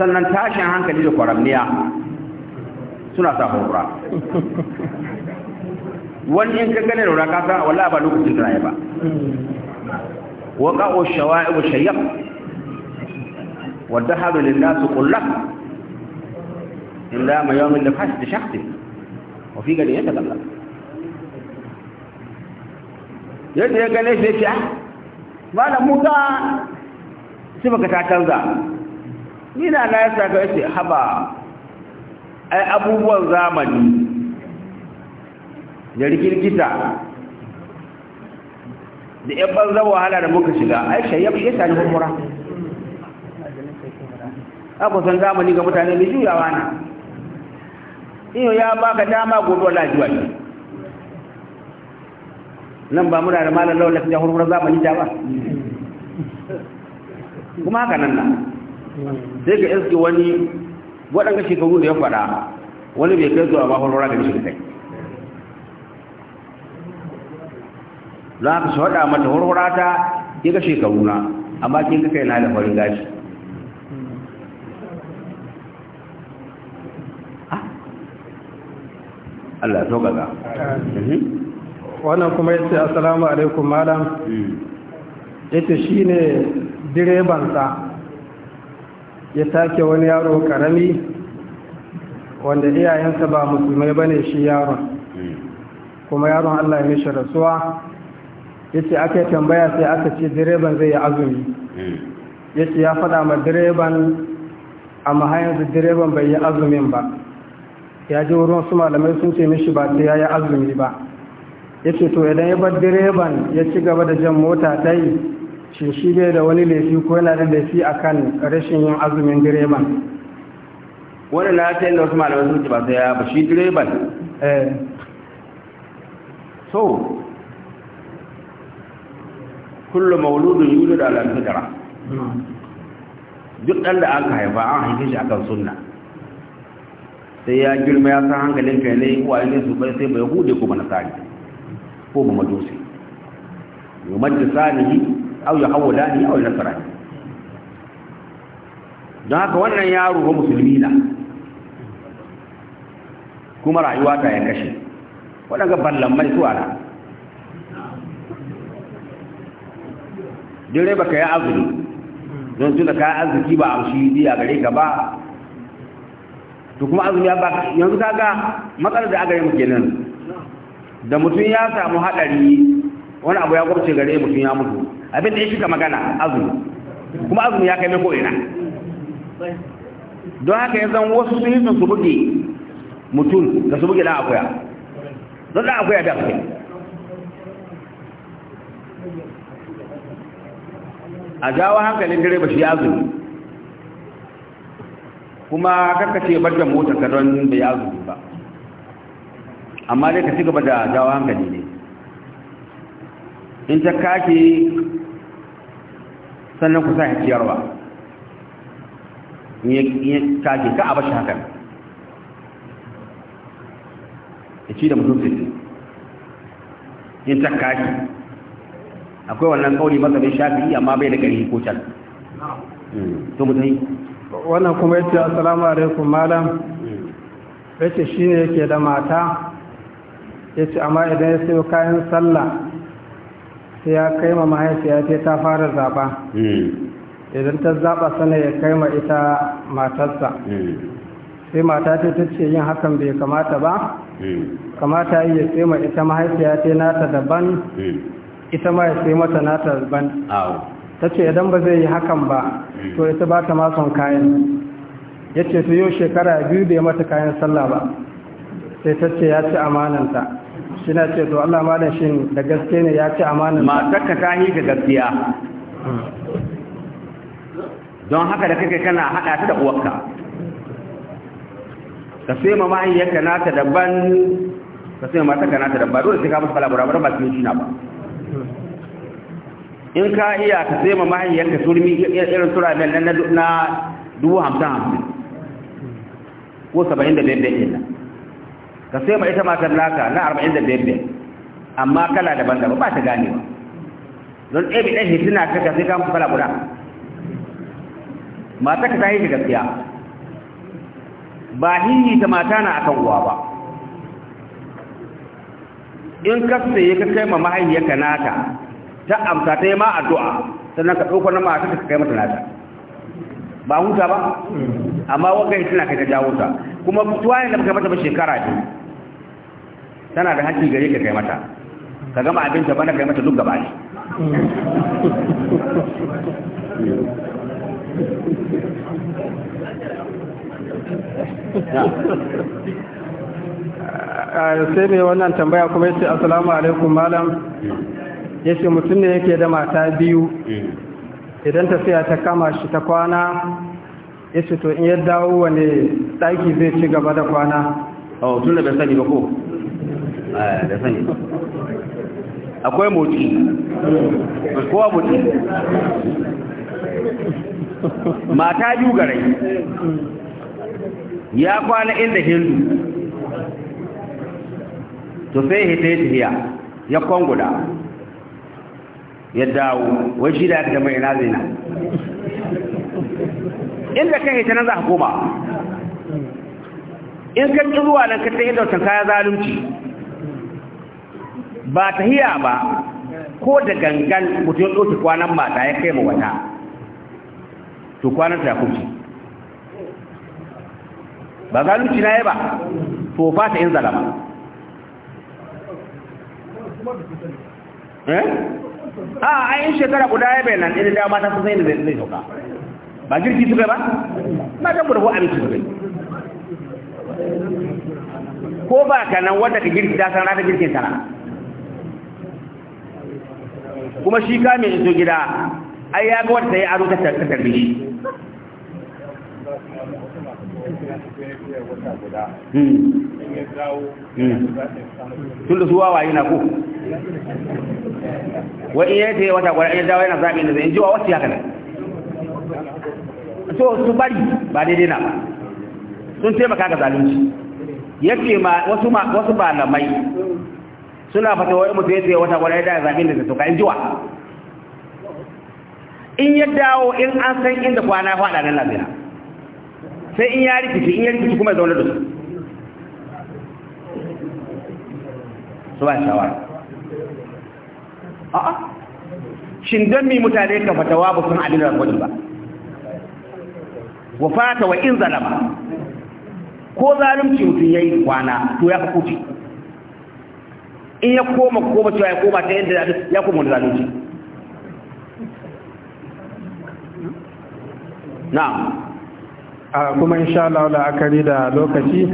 sannan tashin hankali da kwaramniya suna sa farwa wani in ka gane da farwa ka san wala ba lokacin tunaye ba waka o shawa'i o shayyaf والدهر للناس كلهم إلا ما يوم النفحش لشخص وفي قال يتكلم yadda ya gane shi ya ba da muka sai baka ta canza ni na na ya saka yace haba ai abubuwan zamani ya rikirkita da yan banza wahala da muka shiga ai shayyab ya sani humura haka son zamani ga mutane mai juyawa na iyo ya baka dama gobe wala juwa ne nan ba muna da malam laula ta hurhura zamani ta ba kuma haka nan na sai ka iske wani waɗanda shekaru da ya faɗa wani bai kai zuwa ba hurhura ga shi kai za ka shi faɗa mata hurhura ta ga shekaru na amma kin kai na da farin gashi Allah gaza wannan kuma yace assalamu alaikum malam hmm. yace shine direban sa ya take wani yaro karami wanda iyayensa ba musulmai bane shi yaron hmm. kuma yaron Allah ya mishi rasuwa yace aka tambaya sai aka ce direban zai yi azumi hmm. yace ya faɗa ma direban amma har direban bai yi azumin ba ya ji wurin wasu malamai sun ce mishi ba ta ya yi azumi ba ya ce to idan ya bar direban ya ci gaba da jan mota ta yi shi shi bai da wani laifi ko yana da laifi kan rashin yin azumin direban wani na ta da wasu malamai sun ce ba ta ya ba shi direban eh. so kullu mauludun yulu da alal hmm. duk ɗan da aka haifa an haifi shi akan sunna sai ya girma ya san hankalin kai ne uwaye ne su bai sai bai hude ko bana sani ko ba majusi yumadda sanihi aw yahawlani aw nasrani don haka wannan yaro ba musulmi na kuma rayuwa ta ya kashe waɗanda ballan mai suwa na dire baka ya azumi don suna kayan arziki ba amshi shi biya gare ka ba to kuma azumi ya ba yanzu kaga matsalar da aka yi muke nan da mutum ya samu haɗari wani abu ya gwabce gare mutum ya mutu abin da ya shika magana azumi kuma azumi ya kai mai ko'ina don haka ya zan wasu sun yi su buge mutum da su buge ɗan akuya don ɗan akuya da su a jawo hankalin direba shi azumi kuma kaka ce bar da mota ka don bai azumi ba amma dai ka ci gaba da jawo hankali ne in ta kake sannan ku sa ciyarwa in kake ka a bashi hakan ya ci da mutum sittin in ta kake akwai wannan kauli bai shafi amma bai da gari ko can hmm, to mutane wannan kuma yace ce assalamu alaikum malam yace shine yake da mata ya ce amma idan ya sayo kayan sallah sai ya kai ma mahaifiya ce ta fara zaba idan ta zaba sana ya kai ma ita matarsa sai mata ce ta ce yin hakan bai kamata ba kamata yi ya sai ma ita mahaifiya ce nata daban ita ma ya sai mata nata daban ta ce idan ba zai yi hakan ba to ita ba ta mason kayan ya ce ta yau shekara biyu da ya mata kayan sallah ba sai ta ce ya ci amananta shi na ce to Allah malam shi da gaske ne ya ci amananta matarka ta yi ga gaskiya don haka da kake kana haɗa ta da uwarka ka sai ma na nata daban ka sai ma matarka nata daban dole sai ka musu kalabura ba ba su yi shi na ba in ka iya ka sai ma mahaiyarka turmi irin turamen nan na dubu hamsin hamsin ko saba'in da biyar biyar nan ka sai ma ita matan naka na arba'in da biyar amma kala daban daban ba ta ganewa don ɗaya ɗan hitina ka ka sai ka kufala kala guda mata ka ta yi gaskiya ba hiyi ta mata na akan uwa ba in ka sai ka kai ma mahaiyarka naka ta amsa ta yi ma addu'a sannan ka ɗauko na mata ka kai mata nata ba huta ba amma wanga ita kai ta jawo ta kuma yin da kai mata ba shekara ce tana da hakki gare ka kai mata ka gama abin ta bana kai mata duk gaba ne eh, sai mai wannan tambaya kuma yace assalamu alaikum malam ya ce mutum ne yake da mata biyu hmm. idan tafiya ta kama shi ta kwana ya ce to in ya dawo wane ɗaki zai ci gaba da kwana oh tun da bai sani ba ko da eh, eh, sani akwai moti kowa moti mata biyu garai ya kwana inda hindu to sai hita ya ya guda ya dawo wai shi da ya da ina na zai na inda ka haita nan za a koma in ka ƙi zuwa nan ka ta yi dautan kaya zalunci ba ta hiya ba ko da gangan mutum ya ɗauki kwanan mata ya kai ma wata to kwanan ta kuci ba zalunci na yi ba to ba ta in zalama eh? a a yin shekara guda ya bayanan irin da mata su zai zai sauka ba girki suka ba na jan a abinci zai ko ba ka nan wadda ka girki ta san rata girkin sana kuma shi ka mai iso gida ai ya ga wadda ta yi aro ta tarbi tunda su wawaye na ko wa in yayi tayi wata gwada in dawo yana zaɓi da zai jiwa wasu yakan nan so su bari ba daidai na ba sun taimaka ga zalunci ya ma wasu ba na mai suna fata wani mutu ya tayi wata gwada ya dawo zaɓi da zai tuka in in ya dawo in an san inda kwana faɗa nan lafiya sai in ya rikici in ya rikici kuma zaune da su su ba shawara a'a shin don mi mutane ka fatawa ba sun adina gwani ba wa fata wa in zalama ko zalimci mutum ya yi kwana to ya fi kuce in ya koma koma cewa ya koma ta yadda ya koma wani zalunci na'am a kuma insha Allah la'akari da lokaci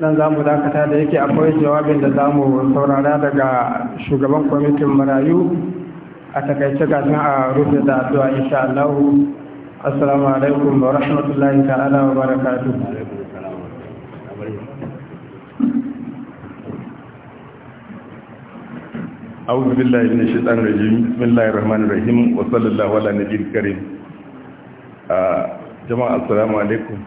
nan za mu dakata da yake akwai jawabin da za mu saurara daga shugaban kwamitin marayu a takaice gasin a rufe da addu'a insha Allah assalamu alaikum wa rahmatullahi ta'ala wa barakatuh أعوذ بالله من الشيطان الرجيم بسم الله الرحمن الرحيم وصلى الله على النبي الكريم jama'a assalamu alaikum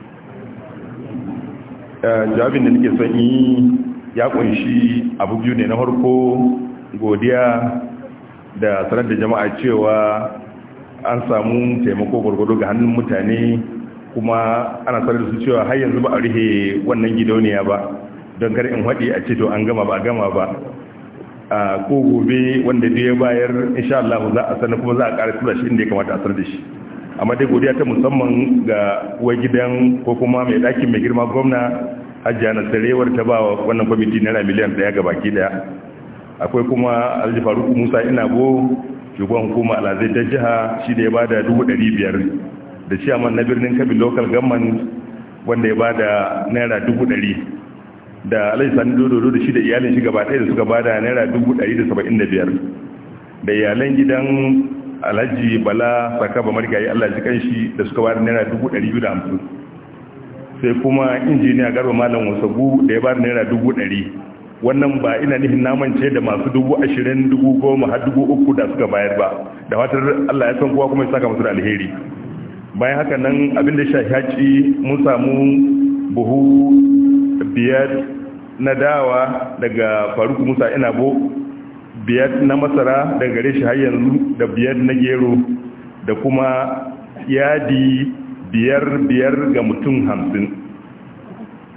eh, jawabin da nake son yi ya kunshi abu biyu ne na harko godiya da sanar da jama'a cewa an samu taimako gwargwado ga hannun mutane kuma ana sanar da su cewa har yanzu ba a rihe wannan gidauniya ba don kar in haɗe a ce to an gama ba gama ba ko gobe wanda duk ya bayar insha Allah za a sanar kuma za a ƙara tura shi inda ya kamata a sanar da shi A madai godiya ta musamman ga uwar gidan ko kuma mai ɗakin mai girma gwamna hajjiya na sarewar ta ba wannan kwamiti naira miliyan ɗaya ga baki ɗaya akwai kuma alhaji faruku musa inabo shugaban hukuma alazai ta jiha shi da ya ba da dubu ɗari biyar da shi ciyaman na birnin kabi local government wanda ya ba da naira dubu ɗari da alhaji sani dododo da shi da iyalin shi gaba ɗaya da suka ba da naira dubu ɗari da saba'in da biyar da iyalan gidan alhaji bala saka ba marigayi allah ji kanshi da suka bada naira dubu biyu da hamsin sai kuma injiniya garba malam wasagu da ya bada naira dubu wannan ba ina nihin namance da masu dubu ashirin dubu goma har dubu uku da suka bayar ba da watar allah ya san kowa kuma ya saka masu da alheri bayan haka nan abin da shafi haci mun samu buhu biyar na dawa daga faruku musa ina bo. biyar na masara da gare shi har yanzu da biyar na gero da kuma yadi biyar biyar ga mutum hamsin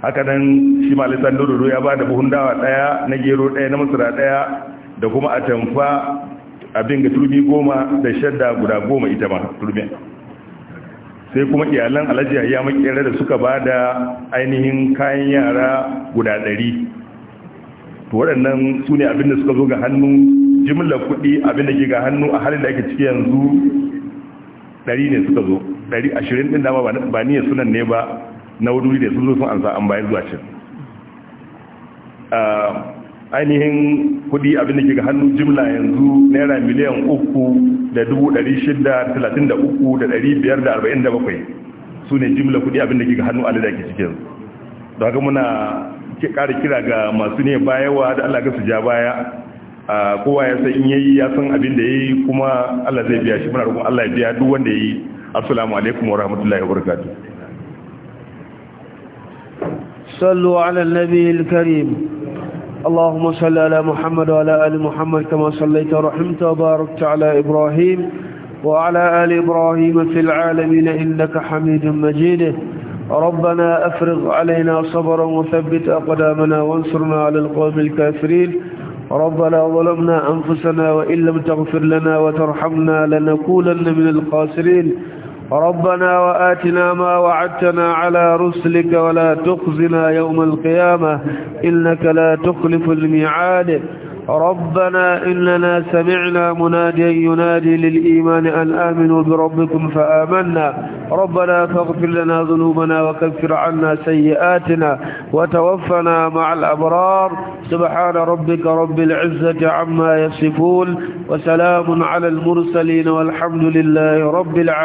haka nan shi malisan dododo ya ba da buhun dawa daya na gero daya na masara daya da kuma a atamfa abin ga turbi goma da shadda guda goma ita ma turbin sai kuma iyalan alhaji ya makera da suka ba da ainihin kayan yara guda ɗari to waɗannan su ne abinda suka zo ga hannu jimlar kuɗi abinda ke ga hannu a halin da ake ciki yanzu ɗari ne suka zo ɗari ashirin ɗin dama ba niya sunan ne ba na wuri da sun zo sun ansa an bayar zuwa cin ainihin kuɗi abinda ke ga hannu jimla yanzu naira miliyan uku da dubu ɗari shida talatin da uku da ɗari biyar da arba'in da bakwai su ne jimla kuɗi abinda ke ga hannu a da ke cikin yanzu don haka muna ke ƙara kira ga masu ne bayawa da Allah ga su ja baya kowa ya san in yayi ya san abin da yayi kuma Allah zai biya shi muna roƙon Allah ya biya duk wanda yayi assalamu alaikum wa rahmatullahi wa barakatuh sallu ala nabiyil karim اللهم صل على محمد وعلى آل محمد كما صليت ورحمت وباركت على إبراهيم وعلى آل إبراهيم في العالمين إنك حميد ربنا أفرغ علينا صبرا وثبت أقدامنا وانصرنا على القوم الكافرين ربنا ظلمنا أنفسنا وإن لم تغفر لنا وترحمنا لنكونن من الخاسرين ربنا وآتنا ما وعدتنا على رسلك ولا تخزنا يوم القيامة إنك لا تخلف الميعاد ربنا إننا سمعنا مناديا ينادي للإيمان أن آمنوا بربكم فآمنا ربنا فاغفر لنا ذنوبنا وكفر عنا سيئاتنا وتوفنا مع الأبرار سبحان ربك رب العزة عما يصفون وسلام على المرسلين والحمد لله رب العالمين